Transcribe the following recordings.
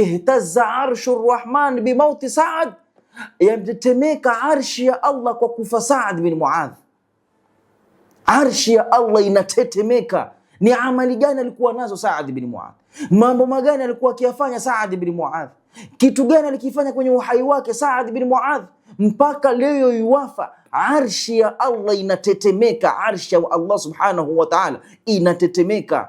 ihtazza arshu rrahman bimauti Saad, yatetemeka arshi ya Allah kwa kufa Saad bin Muadh. Arshi ya Allah inatetemeka. Ni amali gani alikuwa nazo Saad bin Muadh? Mambo magani alikuwa akiyafanya Saad bin Muadh? Kitu gani alikifanya kwenye uhai wake Saad bin Muadh mpaka leo yuwafa, arshi ya Allah inatetemeka. Arshi ya Allah subhanahu wa ta'ala inatetemeka.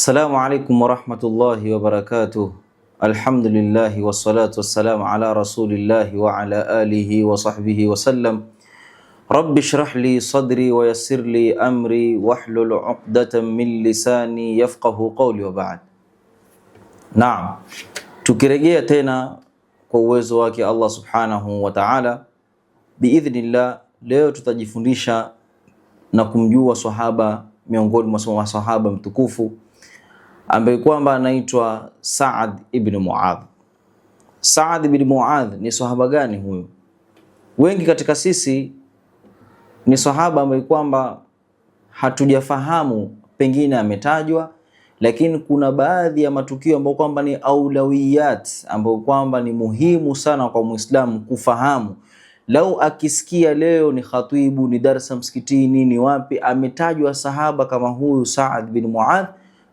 السلام عليكم ورحمة الله وبركاته الحمد لله والصلاة والسلام على رسول الله وعلى آله وصحبه وسلم رب اشرح لي صدري ويسر لي أمري واحلل عقدة من لساني يفقه قولي وبعد نعم تكرجي تينا kwa uwezo wake Allah subhanahu wa ta'ala biidhnillah leo tutajifundisha na kumjua sahaba miongoni mwa masahaba mtukufu ambaye kwamba anaitwa Saad ibn Muadh. Saad ibn Muadh ni sahaba gani huyu? Wengi katika sisi ni sahaba ambaye kwamba hatujafahamu, pengine ametajwa, lakini kuna baadhi ya matukio ambayo kwamba ni aulawiyat, ambayo kwamba ni muhimu sana kwa Muislamu kufahamu. Lau akisikia leo ni khatibu, ni darsa msikitini, ni wapi, ametajwa sahaba kama huyu Saad bin Muadh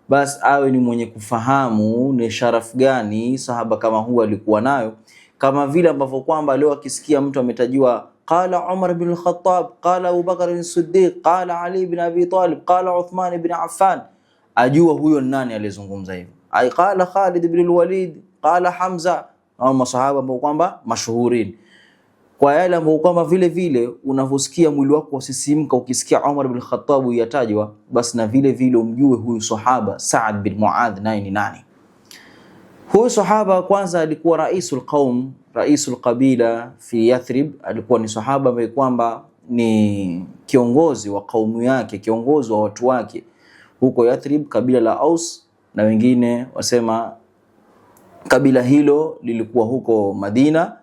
basi awe ni mwenye kufahamu ni sharafu gani sahaba kama huu alikuwa nayo, kama vile ambavyo kwamba leo akisikia mtu ametajiwa qala Umar bin al-Khattab qala Abu Bakr bin siddiq qala Ali bin Abi Talib qala Uthman bin Affan, ajua huyo nani alizungumza hivyo. Ai qala Khalid bin al-Walid qala Hamza, au masahaba ambao kwamba mashuhurini kwa yale ambayo kwamba vile vile unavyosikia mwili wako usisimka ukisikia Umar bin Khattab yatajwa, basi na vile vile umjue huyu sahaba Saad bin Muadh naye ni nani? Huyu sahaba kwanza alikuwa raisul qaum, raisul qabila fi Yathrib. Alikuwa ni sahaba ambaye kwamba ni kiongozi wa kaumu yake, kiongozi wa watu wake huko Yathrib, kabila la Aus, na wengine wasema kabila hilo lilikuwa huko Madina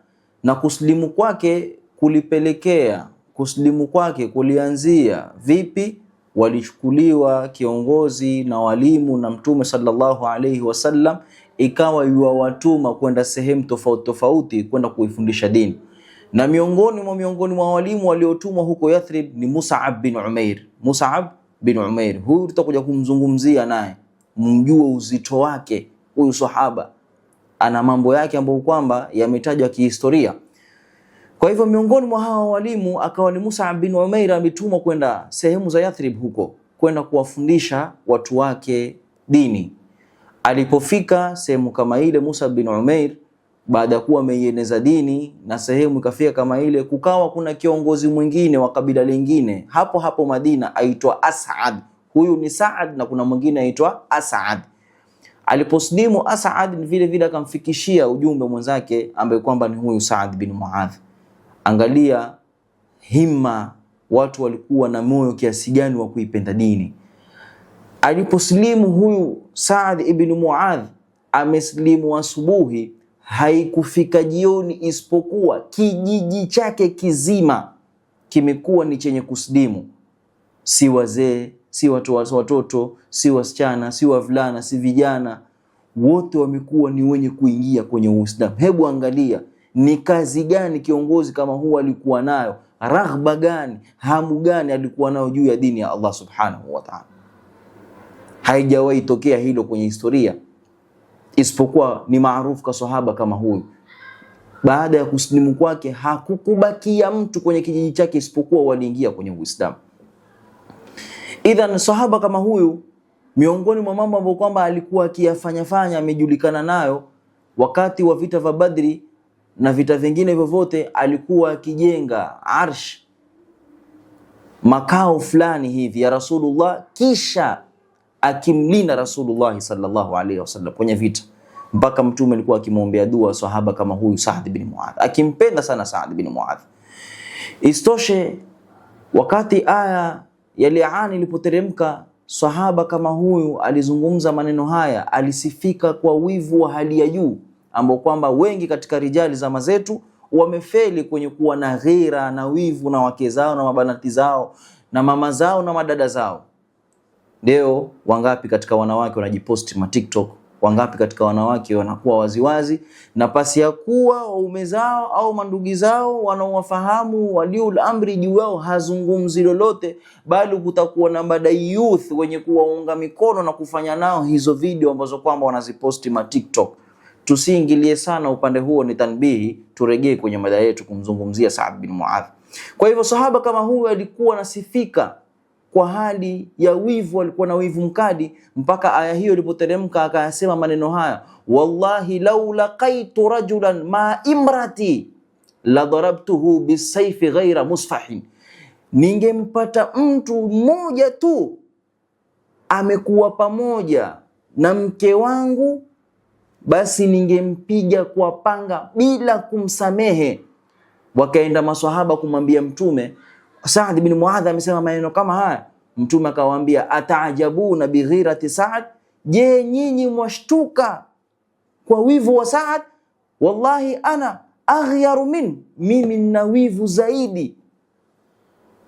na kusilimu kwake kulipelekea kusilimu kwake kulianzia vipi? Walichukuliwa kiongozi na walimu na Mtume sallallahu alaihi wasallam, ikawa yuwawatuma kwenda sehemu tofauti tofauti kwenda kuifundisha dini. Na miongoni mwa miongoni mwa walimu waliotumwa huko Yathrib ni Mus'ab bin Umair. Mus'ab bin Umair huyu tutakuja kumzungumzia naye, mjue uzito wake huyu sahaba ana mambo yake ambayo kwamba yametajwa kihistoria. Kwa hivyo miongoni mwa hawa walimu akawa ni Musa bin Umair, ametumwa kwenda sehemu za Yathrib huko kwenda kuwafundisha watu wake dini. Alipofika sehemu kama ile, Musa bin Umair baada ya kuwa ameieneza dini na sehemu ikafika kama ile, kukawa kuna kiongozi mwingine wa kabila lingine hapo hapo Madina aitwa Asad. Huyu ni Saad na kuna mwingine aitwa Asad. Aliposlimu Asad vile vile akamfikishia ujumbe mwenzake ambaye kwamba ni huyu Saad bin Muadh. Angalia himma, watu walikuwa na moyo kiasi gani wa kuipenda dini. Aliposlimu huyu Saad ibn Muadh, ameslimu asubuhi, haikufika jioni, isipokuwa kijiji chake kizima kimekuwa ni chenye kuslimu, si wazee si watoto, si wasichana, si wavulana, si vijana, wote wamekuwa ni wenye kuingia kwenye Uislamu. Hebu angalia ni kazi gani kiongozi kama huu alikuwa nayo, raghba gani, hamu gani alikuwa nayo juu ya dini ya Allah subhanahu wa ta'ala. Haijawahi tokea hilo kwenye historia, isipokuwa ni maarufu kwa sahaba kama huyu. Baada ya kusilimu kwake hakukubakia mtu kwenye kijiji chake isipokuwa waliingia kwenye Uislamu. Idhan sahaba kama huyu, miongoni mwa mambo ambayo kwamba alikuwa akiyafanyafanya amejulikana nayo wakati wa vita vya Badri na vita vingine vyovyote, alikuwa akijenga arsh, makao fulani hivi ya Rasulullah, kisha akimlinda Rasulullah sallallahu alaihi wasallam kwenye vita mpaka mtume alikuwa akimwombea dua sahaba kama huyu Saad bin Muadh, akimpenda sana Saad bin Muadh. Istoshe wakati aya Yaliani ilipoteremka, sahaba kama huyu alizungumza maneno haya, alisifika kwa wivu wa hali ya juu, ambao kwamba wengi katika rijali zama zetu wamefeli kwenye kuwa na ghira na wivu na wake zao na mabanati zao na mama zao na madada zao. Leo wangapi katika wanawake wanajiposti ma TikTok Wangapi katika wanawake wanakuwa waziwazi na pasi ya kuwa waume zao au mandugi zao wanaowafahamu waliul amri juu yao hazungumzi lolote, bali kutakuwa na youth wenye kuwaunga mikono na kufanya nao hizo video ambazo kwamba wanaziposti ma TikTok. Tusiingilie sana upande huo, ni tanbihi. Turegee kwenye mada yetu kumzungumzia Saad bin Muadh. Kwa hivyo sahaba kama huyu alikuwa anasifika kwa hali ya wivu, alikuwa na wivu mkali, mpaka aya hiyo ilipoteremka akayasema maneno haya, wallahi lau laqaitu rajulan ma imrati la darabtuhu bisaifi ghaira musfahin, ningempata mtu mmoja tu amekuwa pamoja na mke wangu, basi ningempiga kwa panga bila kumsamehe. Wakaenda maswahaba kumwambia Mtume Saad bin Muadh amesema maneno kama haya. Mtume akawaambia, ataajabuna bighirati Saad, je, nyinyi mwashtuka kwa wivu wa Saad? Wallahi ana aghyaru min, mimi nina wivu zaidi,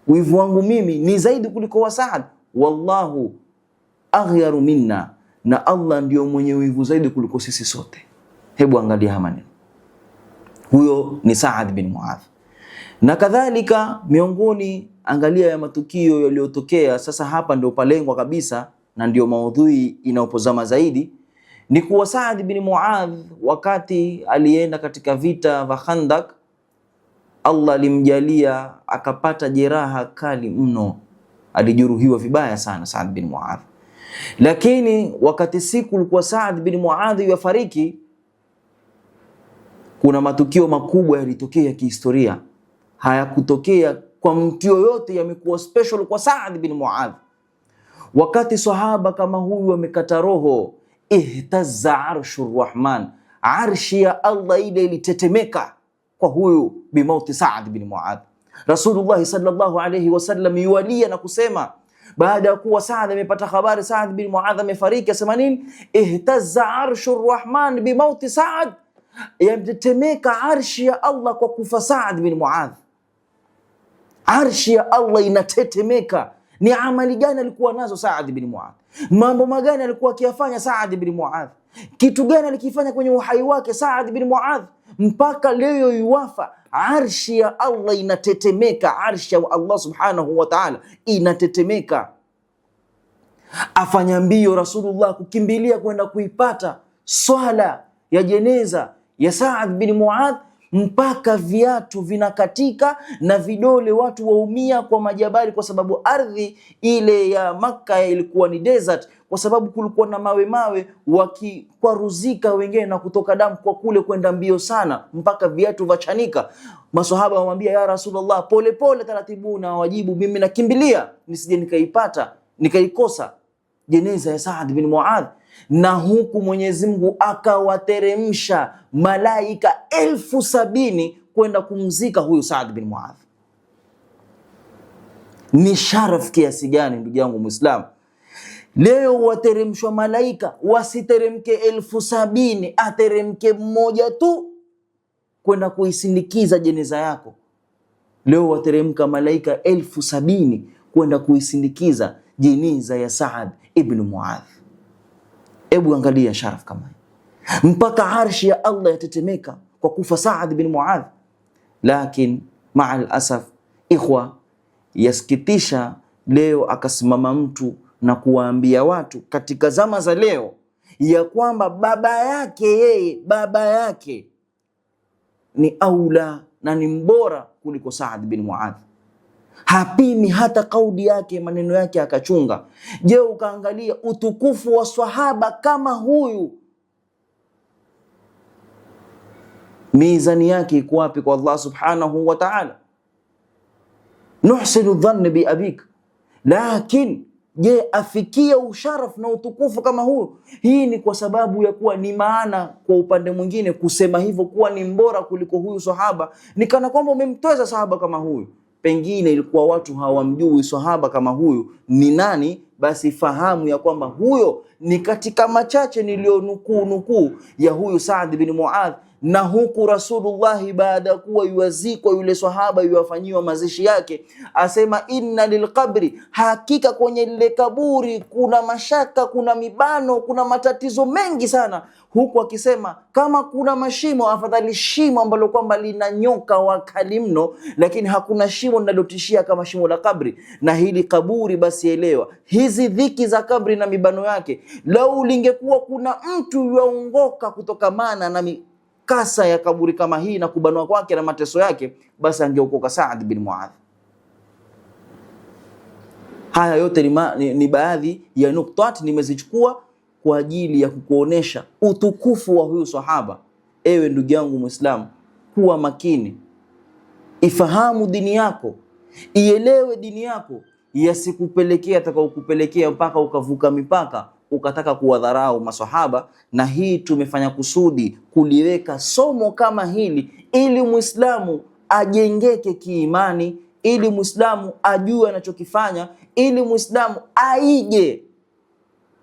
wivu wangu mimi ni zaidi kuliko wa Saad. Wallahu aghyaru minna, na Allah ndio mwenye wivu zaidi kuliko sisi sote. Hebu angalia haya maneno, huyo ni Saad bin Muadha na kadhalika miongoni, angalia ya matukio yaliyotokea. Sasa hapa ndio palengwa kabisa na ndio maudhui inayopozama zaidi ni kuwa Saad bin Muadh wakati alienda katika vita vya Khandak, Allah alimjalia akapata jeraha kali mno, alijeruhiwa vibaya sana Saad bin Muadh. Lakini wakati siku ulikuwa Saad bin Muadh yafariki, kuna matukio makubwa yalitokea ya kihistoria hayakutokea kwa mtu yoyote, yamekuwa special kwa Saad bin Muadh. Wakati sahaba kama huyu wamekata roho, ihtazza arshu rahman, arshi ya Allah ile ilitetemeka kwa huyu bimauti Saad bin Muadh. Rasulullah sallallahu alayhi wasallam yualia na kusema baada ya kuwa Saad amepata habari Saad bin Muadh amefariki, asema nini? Ihtaza arshu rrahman bimauti Saad, yatetemeka arshi ya Allah kwa kufa Saad bin Muadh. Arshi ya Allah inatetemeka. Ni amali gani alikuwa nazo Saad bin Muadh? Mambo magani alikuwa akiyafanya Saad bin Muadh? Kitu gani alikifanya kwenye uhai wake Saad bin Muadh mpaka leo yuwafa? Arshi ya Allah inatetemeka, arshi ya Allah subhanahu wa ta'ala inatetemeka. Afanya mbio Rasulullah kukimbilia kwenda kuipata swala ya jeneza ya Saad bin Muadh mpaka viatu vinakatika na vidole watu waumia kwa majabari kwa sababu ardhi ile ya Makka ilikuwa ni desert, kwa sababu kulikuwa na mawe mawe, wakikwaruzika wengine na kutoka damu kwa kule kwenda mbio sana, mpaka viatu vachanika. Maswahaba wamwambia ya Rasulullah, polepole taratibu, na wajibu mimi nakimbilia nisije nikaipata nikaikosa jeneza ya Saad bin Muadh na huku Mwenyezi Mungu akawateremsha malaika elfu sabini kwenda kumzika huyu Saad bin Muadh. Ni sharaf kiasi gani, ndugu yangu Muislamu! Leo wateremshwa malaika, wasiteremke elfu sabini, ateremke mmoja tu kwenda kuisindikiza jeneza yako. Leo wateremka malaika elfu sabini kwenda kuisindikiza jeneza ya Saad ibn Muadh. Ebu angalia sharaf kama mpaka arshi ya Allah yatetemeka kwa kufa Saad bin Muadh. Lakin maa alasaf, ikhwa, yasikitisha leo akasimama mtu na kuwaambia watu katika zama za leo ya kwamba baba yake yeye baba yake ni aula na ni mbora kuliko Saad bin Muadh hapimi hata kauli yake, maneno yake akachunga. Je, ukaangalia utukufu wa swahaba kama huyu, mizani yake iko wapi kwa Allah subhanahu wa ta'ala? Nuhsinu dhanna bi abik, lakini je afikia usharaf na utukufu kama huu? Hii ni kwa sababu ya kuwa ni maana, kwa upande mwingine kusema hivyo kuwa ni mbora kuliko huyu sahaba, ni kana kwamba umemtweza sahaba kama huyu pengine ilikuwa watu hawamjui sahaba kama huyu ni nani, basi fahamu ya kwamba huyo ni katika machache niliyonukuu nukuu ya huyu Saad bin Muadh na huku Rasulullahi baada ya kuwa yuwazikwa yule sahaba yuwafanyiwa mazishi yake, asema inna lilqabri, hakika kwenye lile kaburi kuna mashaka, kuna mibano, kuna matatizo mengi sana, huku akisema kama kuna mashimo, afadhali shimo ambalo kwamba lina nyoka wakali mno, lakini hakuna shimo linalotishia kama shimo la kabri. Na hili kaburi basi elewa hizi dhiki za kabri na mibano yake, lau lingekuwa kuna mtu yuaongoka kutokamana na mi kasa ya kaburi kama hii na kubanwa kwake na mateso yake, basi angeokoka Saad bin Muadh. Haya yote ni, ma, ni, ni baadhi ya nuktat nimezichukua kwa ajili ya kukuonesha utukufu wa huyu sahaba. Ewe ndugu yangu Muislamu, kuwa makini, ifahamu dini yako, ielewe dini yako, yasikupelekea atakaokupelekea mpaka ukavuka mipaka ukataka kuwadharau maswahaba, na hii tumefanya kusudi kuliweka somo kama hili ili Muislamu ajengeke kiimani, ili Muislamu ajue anachokifanya, ili Muislamu aige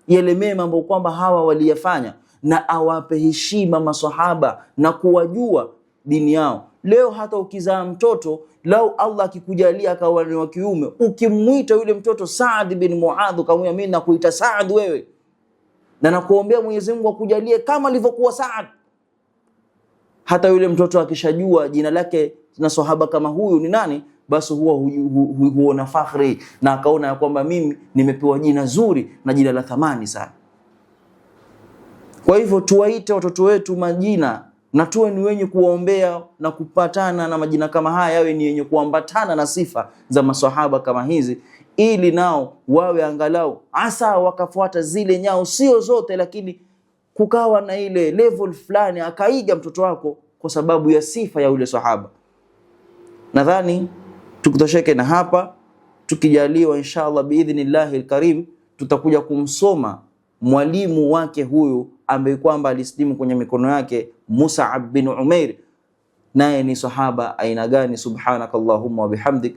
yale mema ambayo kwamba hawa waliyafanya, na awape heshima maswahaba na kuwajua dini yao. Leo hata ukizaa mtoto lau Allah akikujalia akawa ni wa kiume, ukimwita yule mtoto Saad bin Muadh, ukamwambia mimi nakuita Saad wewe na nakuombea Mwenyezi Mungu akujalie kama alivyokuwa Saad. Hata yule mtoto akishajua jina lake na sahaba kama huyu ni nani, basi huwa huona fakhri na akaona ya kwamba mimi nimepewa jina zuri na jina la thamani sana. Kwa hivyo tuwaite watoto wetu majina na tuwe ni wenye kuwaombea na kupatana na majina kama haya, yawe ni yenye kuambatana na sifa za maswahaba kama hizi, ili nao wawe angalau asa wakafuata zile nyao, sio zote, lakini kukawa na ile level fulani akaiga mtoto wako kwa sababu ya sifa ya yule sahaba. Nadhani tukutosheke na hapa, tukijaliwa inshallah biidhnillahi alkarim, tutakuja kumsoma mwalimu wake huyu ambaye kwamba alisilimu kwenye mikono yake Mus'ab bin Umair, naye ni sahaba aina gani? Subhanakallahumma wa bihamdik